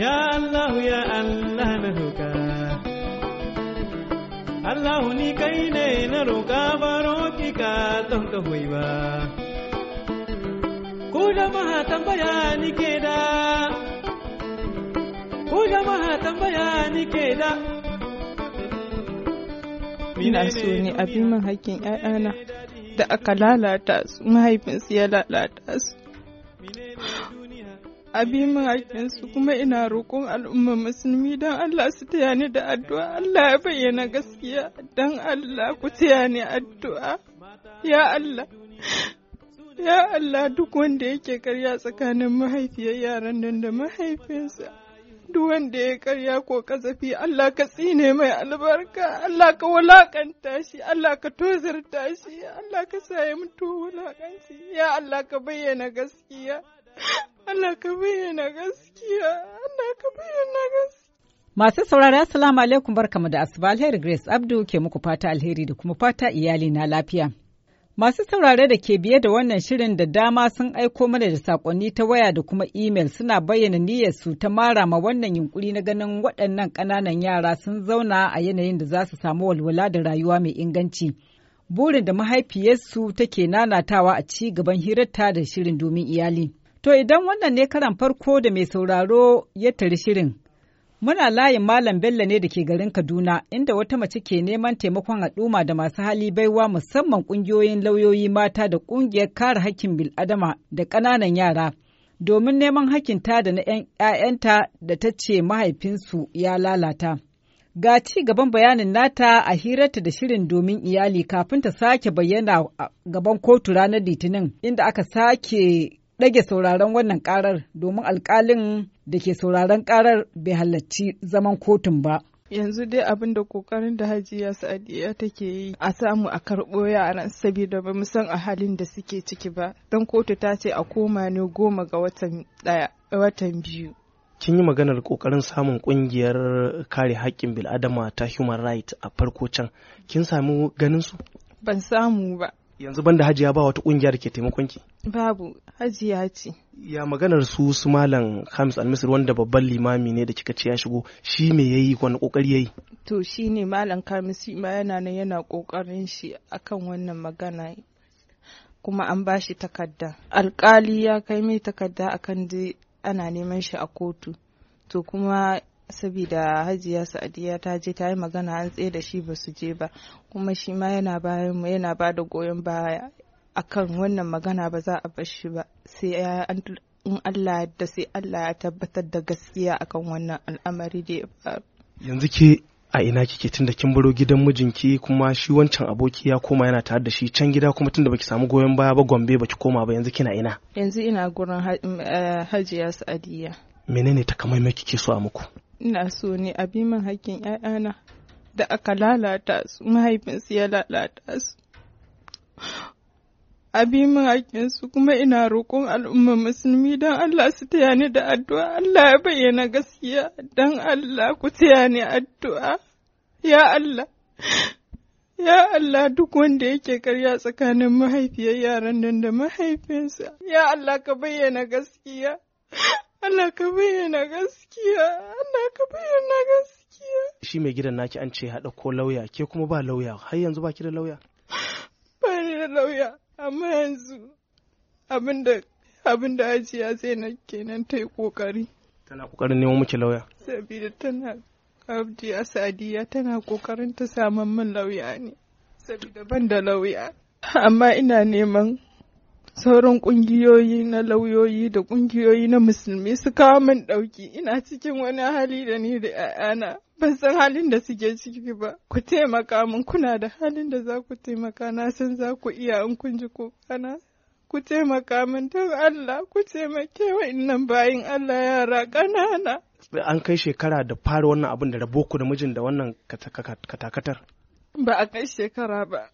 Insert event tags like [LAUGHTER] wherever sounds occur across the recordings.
Ya Allah ya na Allah ni kai ne na roƙa baro ka ka Ina so ne abin min haƙƙin ‘ya'yana da aka lalata su mahaifinsu ya lalata su abin bi min kuma ina roƙon al'umma musulmi don Allah su taya ni da addu'a Allah ya bayyana gaskiya don Allah ku taya ni addu'a ya Allah ya Allah duk wanda yake karya tsakanin mahaifiyar yaran nan da mahaifinsa duk wanda ya karya ko kazafi Allah ka tsine mai albarka Allah ka walakanta shi Allah ka tozarta shi Allah ka sa ya mutu wulakanci ya Allah ka bayyana gaskiya Allah ka bayyana gaskiya. Allah ka bayyana gaskiya. Masu saurari Assalamu alaikum barkamu da asuba alheri Grace Abdu ke muku fata alheri da kuma fata iyali na lafiya. Masu saurare da ke biye da wannan shirin da dama sun aiko mana da sakonni ta waya da kuma imel suna bayyana niyyar su ta mara ma wannan yunkuri na ganin waɗannan ƙananan yara sun zauna a yanayin da za su samu walwala da rayuwa mai inganci. Burin da mahaifiyarsu take nanatawa a ci gaban hirarta da shirin domin iyali. To idan wannan ne karan farko da mai sauraro ya tari shirin, muna layin Malam Bello ne da ke garin Kaduna inda wata mace ke neman taimakon al'umma da masu hali baiwa musamman ƙungiyoyin lauyoyi mata da ƙungiyar kare hakkin bil'adama da ƙananan yara domin neman hakinta da na 'ya'yanta da ta ce mahaifinsu ya lalata. Ga ci gaban bayanin nata a hirarta da shirin domin iyali kafin ta sake bayyana gaban kotu ranar Litinin inda aka sake ɗage sauraron wannan ƙarar domin alƙalin da ke sauraron ƙarar bai halarci zaman kotun ba. yanzu dai abin da kokarin da hajiya sa'adiyya take yi a samu a karɓo yaran saboda ba mu san a halin da suke ciki ba don kotu ta ce a koma ne goma ga watan ɗaya watan biyu kin yi maganar kokarin samun ƙungiyar kare haƙƙin bil'adama ta human rights a farko can kin samu ganin su ban samu ba yanzu banda hajiya ba wata kungiya da ke taimakon ki babu hajiya ce ya maganar su su malam Hamis Almisir wanda babban limami ne da kika ce ya shigo shi me yayi wani kokari yayi to shi ne malam Hamis ma yana nan yana kokarin shi akan wannan magana kuma an ba shi takarda alkali ya kai mai takarda akan dai ana neman shi a kotu to kuma saboda hajiya sa'adiya ta je ta yi magana an tsaye da shi ba su je ba kuma shi ma yana bayan mu yana ba da goyon baya akan wannan magana ba za a bar shi ba sai in Allah da sai Allah ya tabbatar da gaskiya akan wannan al'amari da ya faru yanzu ke a ina kike da kin baro gidan mijinki kuma shi wancan aboki ya koma yana tare da shi can gida kuma tun da baki samu goyon baya ba Gombe baki koma ba yanzu kina ina yanzu ina gurin eh, Hajiya Sa'adiya menene takamaimai kike so a muku ina so ne a bi min hakkin ‘ya'yana da aka lalata su mahaifinsu ya lalata su a bi min su kuma ina roƙon al'umma musulmi don Allah su taya ni da addu'a Allah ya bayyana gaskiya don Allah ku taya ni addu'a ya Allah Ya Allah duk wanda yake karya tsakanin mahaifiyar yaran nan da mahaifinsa, ya Allah ka bayyana gaskiya. Allah ka bayyana gaskiya, Allah ka bayyana gaskiya. Shi mai gidan naki an ce haɗa ko lauya, ke kuma ba lauya, har yanzu ba ki da lauya? [GASPS] Ba ni da lauya, amma yanzu da abinda ajiya sai na kenan ta yi ƙoƙari. Tana ƙoƙarin neman muke lauya? Sabida tana a Sadiya tana ƙoƙarin ta samun min lauya ne, sabida ban da lauya. Amma ina neman sauran kungiyoyi na lauyoyi da kungiyoyi na musulmi su kawo min ɗauki ina cikin wani hali da ni da 'ya'yana ban san halin da suke ciki ba ku taimaka min kuna da halin da za ku taimaka na san za ku iya in kun ji kana ku taimaka min don Allah ku taimake wa innan bayin Allah yara ƙanana an kai shekara da fara wannan abin da rabo ku da mijin da wannan katakatar ba a kai shekara ba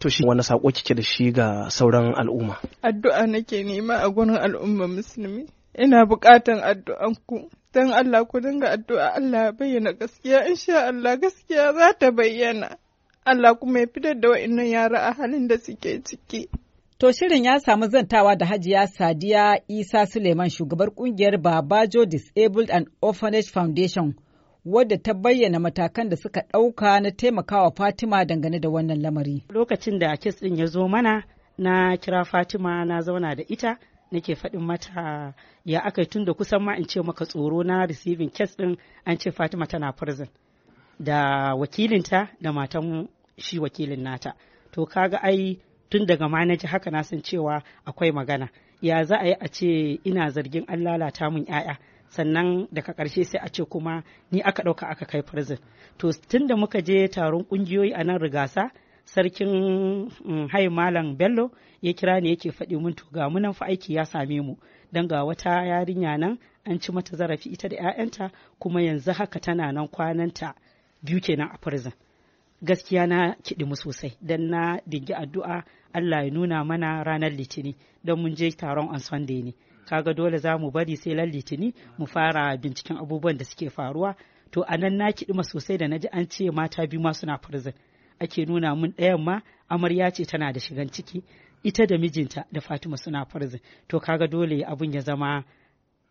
To shi wani sako kike da shi ga sauran al'umma? Addu'a nake nema a gurin al'umma musulmi. Ina buƙatan ku. Dan Allah ku dinga addu'a Allah ya bayyana gaskiya insha Allah gaskiya za ta bayyana. Allah kuma ya fitar da wa'annan yara a halin da suke ciki. To shirin ya samu zantawa da Hajiya Sadiya Isa Suleiman shugabar kungiyar Babajo Disabled and Orphanage Foundation wadda ta bayyana matakan da suka ɗauka na taimakawa Fatima dangane da wannan lamari. Lokacin da kes ɗin ya zo mana na kira Fatima na zauna da ita nake faɗin mata ya aka tun da kusan ma in ce maka tsoro na receiving kes ɗin an ce Fatima tana prison da wakilinta da matan shi wakilin nata. To kaga ai tun daga manaji haka na san cewa akwai magana. Ya za a yi a ce ina zargin an lalata mun 'ya'ya. sannan daga ƙarshe sai a ce kuma ni aka ɗauka aka kai prison to tun da muka je taron ƙungiyoyi a nan rigasa sarkin mm, hai malam bello ya kira ne yake faɗi mun to ga munan fa aiki ya same mu don ga wata yarinya nan an ci mata zarafi ita da 'ya'yanta kuma yanzu haka tana nan kwananta biyu kenan a prison gaskiya na kiɗi mu sosai don na dingi addu'a Allah ya nuna mana ranar litini don mun je taron on Sunday ne kaga dole za mu bari sai lan litini mu fara binciken abubuwan da suke faruwa to a nan na kiɗima sosai da na ji an ce mata biyu ma suna prison ake nuna mun ɗayan ma amarya ce tana da shigan ciki ita da mijinta da fatima suna prison to kaga dole abun ya zama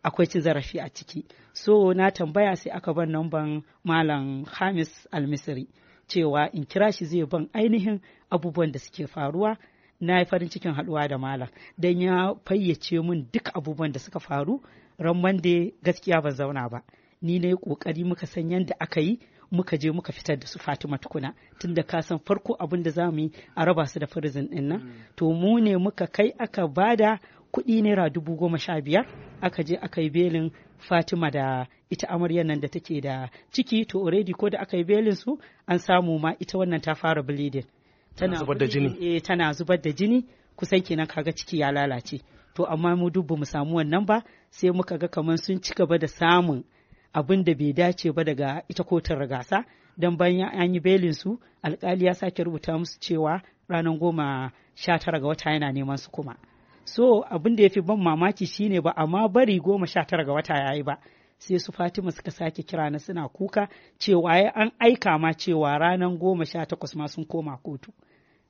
akwai cin zarafi a ciki so na tambaya sai aka ban namban malam hamis almisiri cewa in kira shi zai ban ainihin abubuwan da suke faruwa na yi farin cikin haɗuwa da malam don ya fayyace min duk abubuwan da suka faru ran da gaskiya ban zauna ba ni na yi ƙoƙari muka san yadda aka yi muka je muka fitar da su Fatima tukuna tunda ka san farko abin da mu yi a raba su da firizin din nan mm. to mu ne muka kai aka bada kuɗi naira dubu goma sha biyar aka je aka yi belin Fatima da ita amaryar nan da take da ciki to already ko da aka yi belin su an samu ma ita wannan ta fara bleeding tana zubar da jini eh tana zubar da jini kusan kenan kaga ciki ya lalace to amma mu duk bamu samu wannan ba sai muka ga kamar sun ci gaba da samun abin da bai dace ba daga ita kotun ragasa dan bayan an yi belin su alkali ya sake rubuta musu cewa ranar goma sha tara ga wata yana neman su kuma so abin da ya fi ban mamaki shine ba amma bari goma sha tara ga wata ya yi ba sai su fatima suka sake kira na suna kuka cewa an aika ma cewa ranar goma sha takwas ma sun koma kotu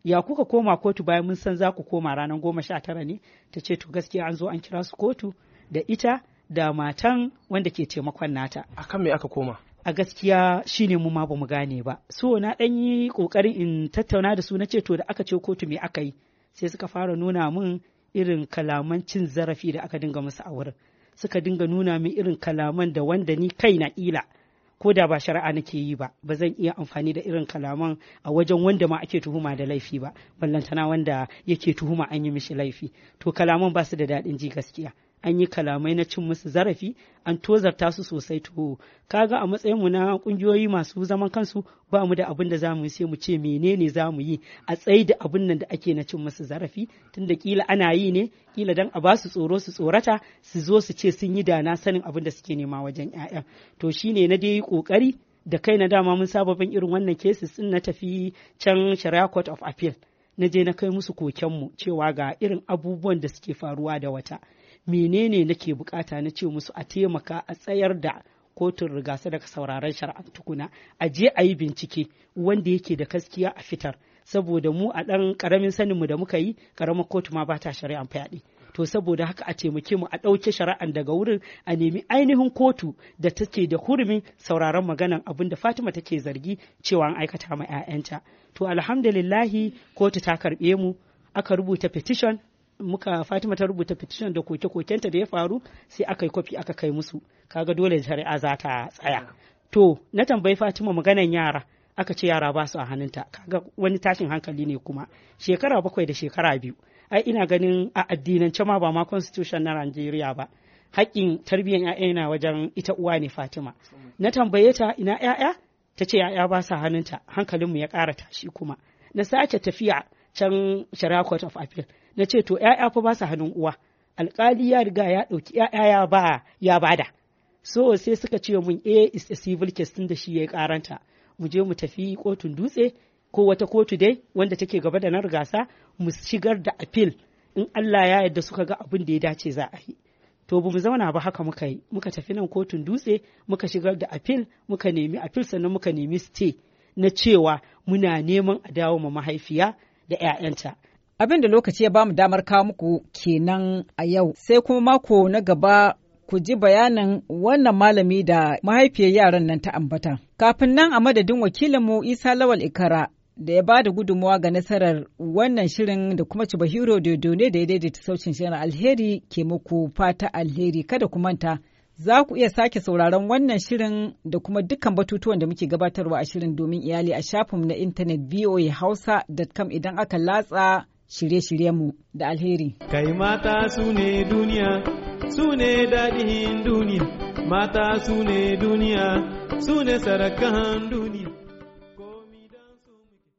ya kuka koma kotu bayan mun san za ku koma ranar goma sha tara ne ta ce to gaskiya an zo an kira su kotu da ita da matan wanda ke taimakon nata A kan me aka koma a gaskiya shine mu ma ba mu gane ba so na dan yi kokarin in tattauna da su na ce to da aka ce kotu me aka yi sai suka fara nuna min irin kalaman cin zarafi da aka dinga musu a wurin suka dinga nuna min irin kalaman da wanda ni kai na ila ko da ba shari'a nake yi ba ba zan iya amfani da irin kalaman a wajen wanda ma ake tuhuma da laifi ba ballantana wanda yake tuhuma an yi mishi laifi to kalaman ba su da daɗin ji gaskiya an yi kalamai na cin musu zarafi an tozarta su sosai to kaga a matsayin mu na kungiyoyi masu zaman kansu ba mu da abin da zamu sai mu ce menene zamu yi a tsayi da abin nan da ake na cin musu zarafi tunda kila ana yi ne kila dan a basu tsoro su tsorata su zo su ce sun yi dana sanin abin da suke nema wajen 'ya'ya to shine na dai kokari da kai na dama mun saba bin irin wannan cases din na tafi can Sharia Court of Appeal na je na kai musu kokenmu cewa ga irin abubuwan da suke faruwa da wata menene nake bukata na ce musu a taimaka a tsayar da kotun rigasa daga sauraron shari'ar tukuna a je a yi bincike wanda yake da gaskiya a fitar saboda mu a ɗan ƙaramin saninmu da muka yi ƙaramar kotu ma ba ta shari'ar fyaɗe to saboda haka a taimake mu a ɗauke shari'an daga wurin a nemi ainihin kotu da take da hurumin sauraron maganan abin da Fatima take zargi cewa an aikata ma 'ya'yanta to alhamdulillahi kotu ta karɓe mu aka rubuta petition muka Fatima ta rubuta petition da koke-kokenta da ya faru sai aka yi kwafi aka kai musu kaga dole shari'a za ta tsaya to na tambayi Fatima maganan yara aka ce yara ba su a hannunta kaga wani tashin hankali ne kuma shekara bakwai da shekara biyu ai ina ganin a addinance ma ba ma constitution na Najeriya ba haƙƙin tarbiyyar 'ya'ya yana wajen ita uwa ne Fatima na tambaye ta ina 'ya'ya ta ce 'ya'ya ba su a hannunta hankalinmu ya ƙara tashi kuma na sace tafiya can shari'a court of appeal na ce to ‘ya'ya fa ba su hannun uwa alƙali ya riga ya ɗauki ‘ya'ya ya ba ya bada so sai suka ce mun a eh, is a civil case tun da shi ya yi karanta mu je mu tafi kotun dutse ko wata kotu dai wanda take gaba da nan gasa mu shigar da appeal in Allah ya yarda suka ga abin da ya dace za a yi to bamu mu zauna ba haka muka yi muka tafi nan kotun dutse muka shigar da appeal muka nemi appeal sannan muka nemi stay na cewa muna neman a dawo ma mahaifiya da 'ya'yanta Abin da lokaci ya ba mu damar kawo muku kenan a yau, sai kuma mako na gaba ku ji bayanin wannan malami da mahaifiyar yaran nan ta ambata. Kafin nan a madadin wakilinmu Isa Lawal Ikara da ya ba da gudunmawa ga nasarar wannan shirin da kuma Cibahiro Dodo ne da ya daidaita saucin shirin alheri ke muku fata alheri kada ku manta. Za ku iya sake sauraron wannan shirin da kuma dukkan batutuwan da muke gabatarwa a shirin domin iyali a shafinmu na intanet voahausa.com idan aka latsa shirye-shiryenmu da alheri. Kai mata su ne duniya, su ne daɗin duniya, mata su ne duniya, su ne sarakan duniya.